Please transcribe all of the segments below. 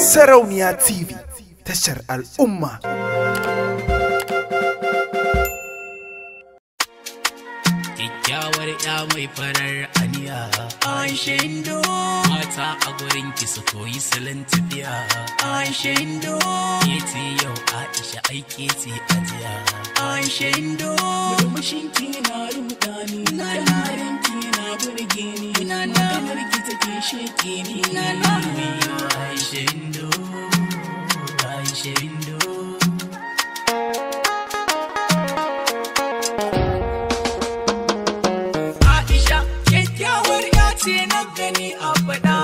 Sarauniya TV tashar al'umma. Kyakkyawar ya mai farar aniya. Aishin do. Mata a gurin ki su koyi salon tafiya. Aishin do. Keti yau Aisha aike ce ajiya. Aishin do. Murmushin ki na ni. Na yarin ki na burge ni. Na na. Kamar ki take sheke ni. Na na. ni a faɗa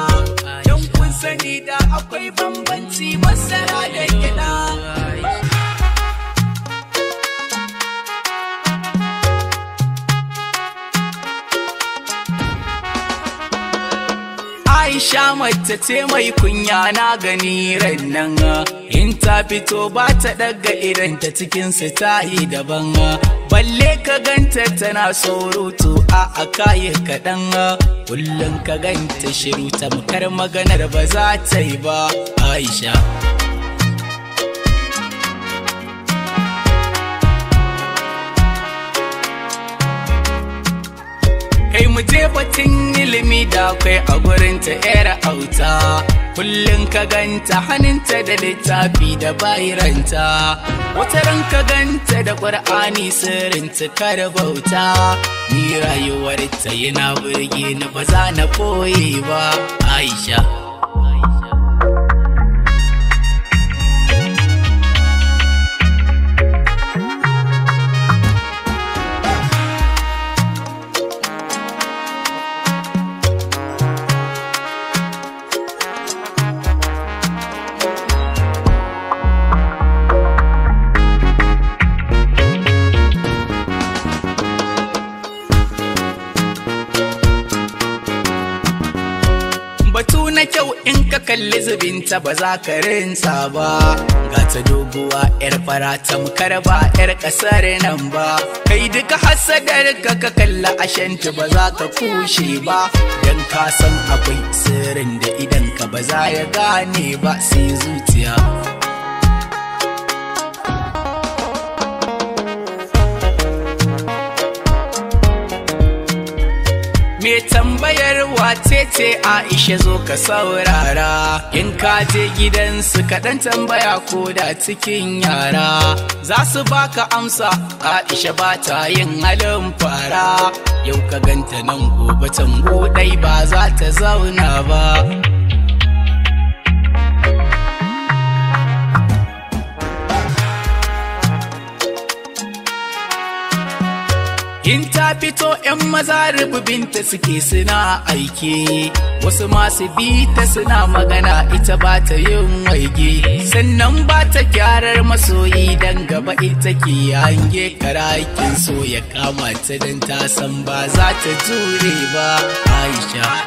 don kun sani da akwai bambanci Aisha mace ce mai kunya na gani nan in ta fito ba ta daga idanta cikin yi daban balle ka ganta tana surutu a akayi kaɗan kullum ka ganta shiru tamkar maganar ba za ta yi ba Aisha Kai mu je batun ilimi da akwai a gurinta yar auta kullum ka ganta hannunta da littafi da bayiranta wata ran ka ganta da ƙur'ani sirrinta kada bauta ni rayuwarta yana burge ni ba za na koye ba aisha na kyau in ka kalli zubinta ba za ka rinsa ba ga ta doguwa yar fara tamkar ba yar kasar nan ba kai duka hasadar ka ka kalla ashanta ba za ka kushe ba dan ka san akwai sirrin da idan ka ba za ya gane ba sai zuciya tambayar wace ce Aisha zo ka saurara in ka je gidansu kadan tambaya ko da cikin yara za su baka amsa Aisha ba ta yin halin fara yau ka ganta nan gobe tambo ɗai ba za ta zauna ba in ta fito 'yan maza rububinta suke suna aiki wasu masu bi suna magana ita ba ta yin waige sannan ba ta gyarar masoyi dan gaba ita ke hange karakin so ya kama ta dan ta san ba za ta jure ba aisha